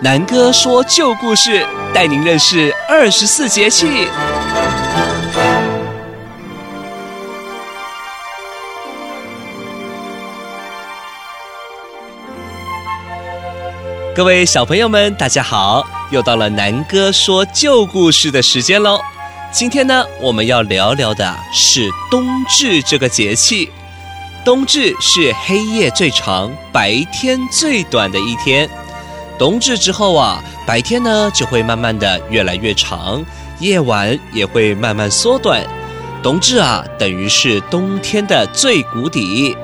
南哥說舊故事，帶您認識二十四節氣。各位小朋友們，大家好！又到了南哥說舊故事的時間嘍。今天呢，我們要聊聊的是冬至這個節氣。冬至是黑夜最長、白天最短的一天。冬至之後啊，白天呢就會慢慢的越來越長，夜晚也會慢慢縮短。冬至啊，等於是冬天的最谷底。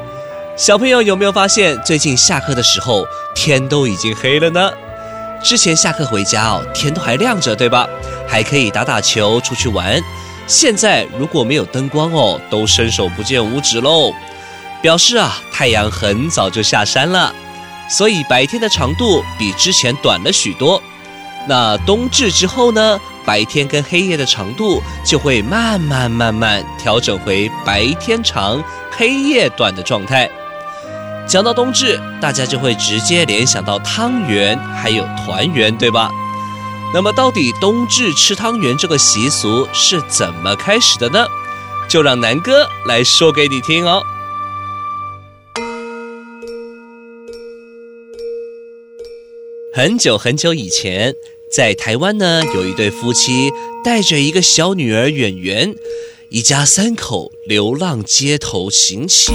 小朋友有沒有發現，最近下課的時候天都已經黑了呢？之前下課回家哦，天都還亮着，對吧？還可以打打球、出去玩。現在如果沒有燈光哦，都伸手不見五指嘍。表示啊，太陽很早就下山了，所以白天的長度比之前短了許多。那冬至之後呢，白天跟黑夜的長度就會慢慢慢慢調整回白天長、黑夜短的狀態。講到冬至，大家就會直接聯想到湯圓還有團圓，對吧？那麼到底冬至吃湯圓這個習俗是怎麼開始的呢？就讓南哥來說給你聽哦。很久很久以前，在台灣呢，有一對夫妻帶着一個小女兒遠圓，一家三口流浪街頭行乞。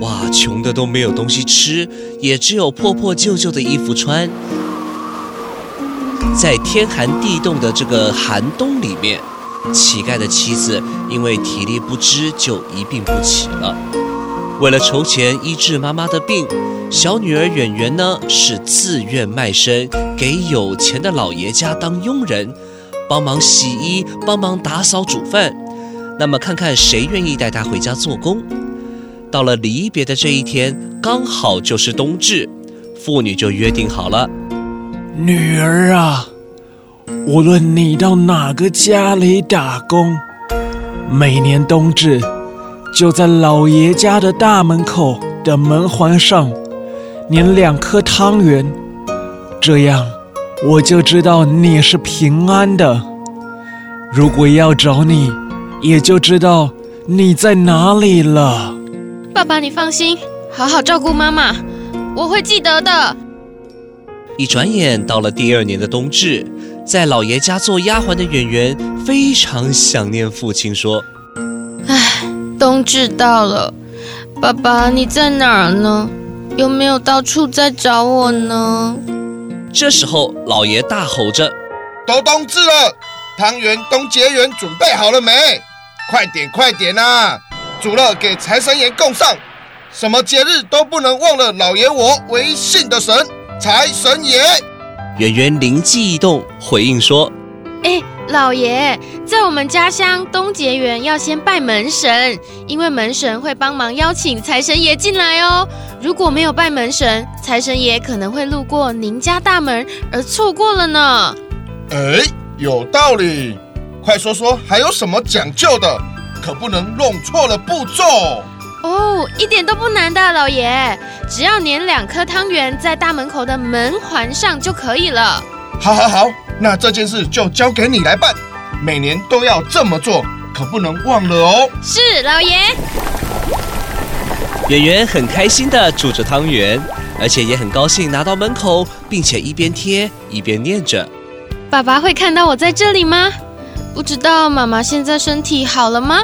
哇，窮的都沒有東西吃，也只有破破舊舊的衣服穿。在天寒地凍的這個寒冬裡面，乞丐的妻子因為體力不支，就一病不起了。為了籌錢醫治媽媽的病，小女兒圓圓呢是自願賣身給有錢的老爺家當傭人，幫忙洗衣，幫忙打掃、煮飯。那麼看看誰願意帶她回家做工。到了離別的這一天，剛好就是冬至，父女就約定好了：女兒啊，無論你到哪個家裡打工，每年冬至。就在老爺家的大門口的門環上粘兩顆湯圓，這樣我就知道你是平安的。如果要找你，也就知道你在哪裡了。爸爸，你放心，好好照顧媽媽，我會記得的。一轉眼到了第二年的冬至，在老爺家做丫鬟的媛媛非常想念父親，說：“唉。”冬至到了，爸爸你在哪兒呢？有沒有到處在找我呢？這時候，老爺大吼着：“都冬至了，湯圓、冬節圓準備好了沒？快點，快點啊！煮了給財神爺供上，什麼節日都不能忘了老爺我唯信的神財神爺。”圓圓靈機一動，回應說：“哎。”老爺，在我們家鄉冬節圓要先拜門神，因為門神會幫忙邀請財神爺進來哦。如果沒有拜門神，財神爺可能會路過您家大門而錯過了呢。哎，有道理。快說說還有什麼講究的，可不能弄錯了步驟。哦，一點都不難的，老爺，只要粘兩顆湯圓在大門口的門環上就可以了。好，好，好，好。那這件事就交給你來辦，每年都要這麼做，可不能忘了哦。是，老爺。圓圓很開心的煮着湯圓，而且也很高興拿到門口，並且一邊貼一邊念着：“爸爸會看到我在這裡嗎？不知道媽媽現在身體好了嗎？”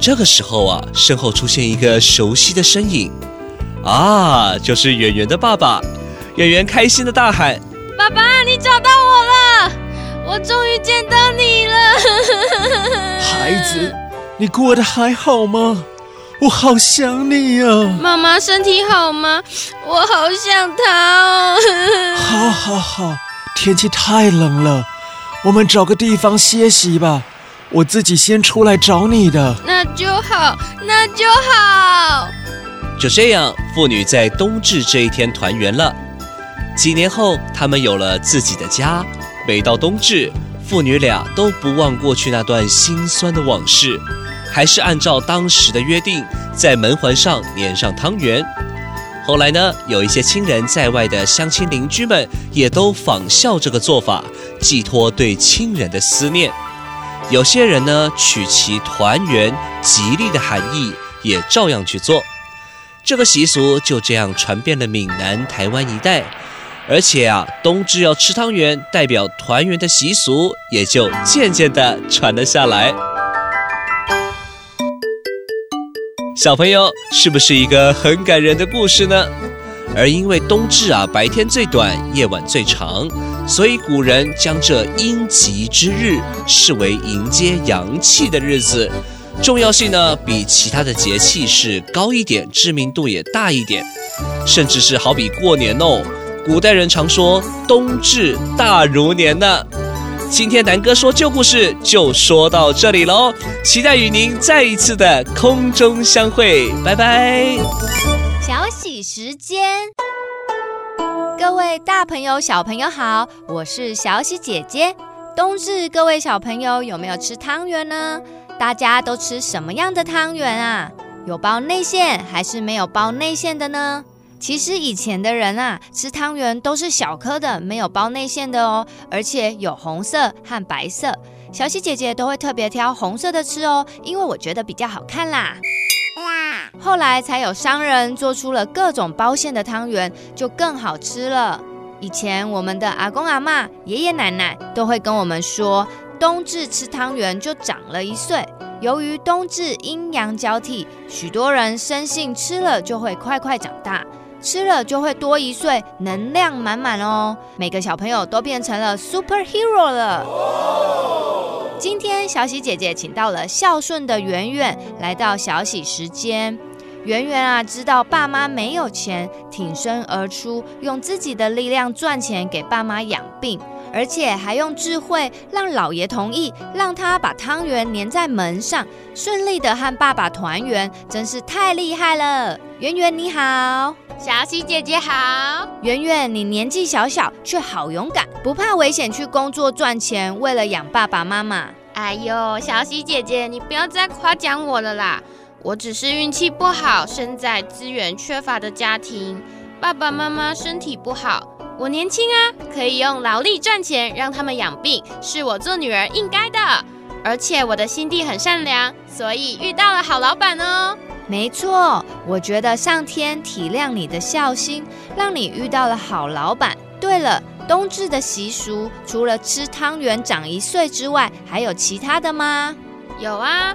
這個時候啊，身後出現一個熟悉的身影，啊，就是圓圓的爸爸。圓圓開心的大喊。爸爸，你找到我了，我終於見到你了。 孩子，你過得還好嗎？我好想你呀、啊。媽媽身體好嗎？我好想她哦。 好，好，好。天氣太冷了，我們找個地方歇息吧。我自己先出來找你的。那就好，那就好。就這樣，父女在冬至這一天團圓了。幾年後，他們有了自己的家。每到冬至，父女倆都不忘過去那段辛酸的往事，還是按照當時的約定，在門環上粘上湯圓。後來呢，有一些親人在外的鄉親鄰居們也都仿效這個做法，寄托對親人的思念。有些人呢，取其團圓吉利的含義，也照樣去做。這個習俗就這樣傳遍了閩南、臺灣一帶。而且啊，冬至要吃湯圓，代表團圓的習俗也就漸漸地傳了下來。小朋友，是不是一個很感人的故事呢？而因為冬至啊，白天最短，夜晚最長，所以古人將這陰極之日視為迎接陽氣的日子，重要性呢比其他的節氣是高一點，知名度也大一點，甚至是好比過年哦。古代人常說“冬至大如年”呢。今天南哥說舊故事就說到這裡嘍，期待與您再一次的空中相會，拜拜。小喜時間，各位大朋友小朋友好，我是小喜姐姐。冬至，各位小朋友有沒有吃湯圓呢？大家都吃什麼樣的湯圓啊？有包內餡還是沒有包內餡的呢？其實以前的人啊，吃湯圓都是小顆的，沒有包內餡的哦，而且有紅色和白色。小喜姐姐都會特別挑紅色的吃哦，因為我覺得比較好看啦。哇，後來才有商人做出了各種包餡的湯圓，就更好吃了。以前我們的阿公阿嬤、爺爺奶奶都會跟我們說，冬至吃湯圓就長了一歲。由於冬至陰陽交替，許多人深信吃了就會快快長大。吃了就會多一歲，能量滿滿哦！每個小朋友都變成了 superhero 了。哦。今天小喜姐姐請到了孝順的圓圓，來到小喜時間。圓圓啊，知道爸媽沒有錢，挺身而出，用自己的力量賺錢給爸媽養病。而且還用智慧讓老爺同意，讓他把湯圓粘在門上，順利的和爸爸團圓，真是太厲害了！圓圓你好。小喜姐姐好。圓圓你年紀小小卻好勇敢，不怕危險去工作賺錢，為了養爸爸媽媽。哎呦，小喜姐姐，你不要再誇獎我了啦，我只是運氣不好，身在資源缺乏的家庭，爸爸媽媽身體不好。我年輕啊，可以用勞力賺錢，讓他們養病，是我做女兒應該的。而且我的心地很善良，所以遇到了好老闆哦。沒錯，我覺得上天體諒你的孝心，讓你遇到了好老闆。對了，冬至的習俗除了吃湯圓長一歲之外，還有其他的嗎？有啊，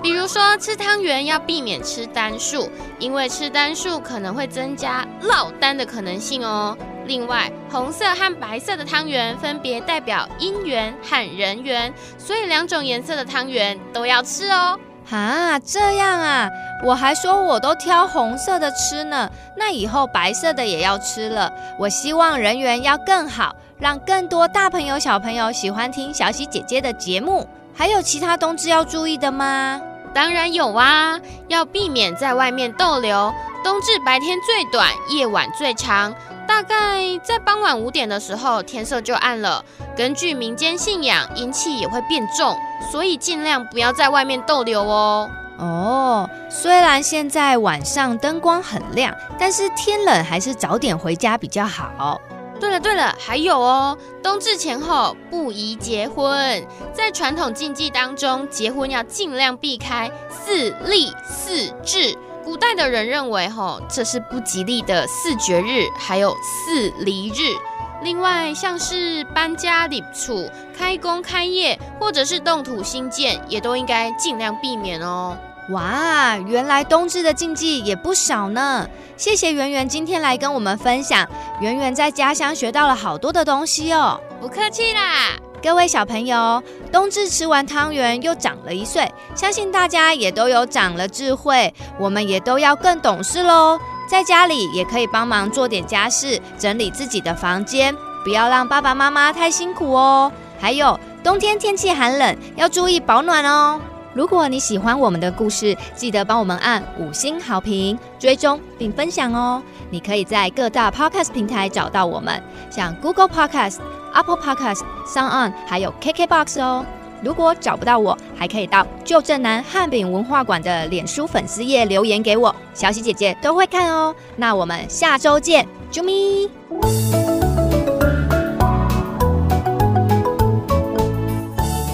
比如說吃湯圓要避免吃單數，因為吃單數可能會增加落單的可能性哦。另外，紅色和白色的湯圓分別代表姻緣和人緣，所以兩種顏色的湯圓都要吃哦。啊，這樣啊！我還說我都挑紅色的吃呢，那以後白色的也要吃了。我希望人緣要更好，讓更多大朋友小朋友喜歡聽小喜姐姐的節目。還有其他冬至要注意的嗎？當然有啊，要避免在外面逗留。冬至白天最短，夜晚最長。大概在傍晚五點的時候，天色就暗了。根據民間信仰，陰氣也會變重，所以盡量不要在外面逗留哦。哦，雖然現在晚上燈光很亮，但是天冷還是早點回家比較好。對了對了，還有哦，冬至前後不宜結婚，在傳統禁忌當中，結婚要盡量避開四立四至。古代的人認為，哈，這是不吉利的四絕日，還有四離日。另外，像是搬家、立處、開工、開業，或者是動土、新建，也都應該盡量避免哦。哇，原來冬至的禁忌也不少呢。謝謝圓圓今天來跟我們分享，圓圓在家鄉學到了好多的東西哦。不客氣啦。各位小朋友，冬至吃完湯圓又長了一歲，相信大家也都有長了智慧，我們也都要更懂事嘍。在家裡也可以幫忙做點家事，整理自己的房間，不要讓爸爸媽媽太辛苦哦。還有，冬天天氣寒冷，要注意保暖哦。如果你喜歡我們的故事，記得幫我們按五星好評、追蹤並分享哦。你可以在各大 podcast 平台找到我們，像 Google Podcast、Apple Podcast、SoundOn，還有 KKBOX 哦。如果找不到我，還可以到舊振南漢餅文化館的臉書粉絲頁留言給我，小喜姐姐都會看哦。那我們下周見，啾咪。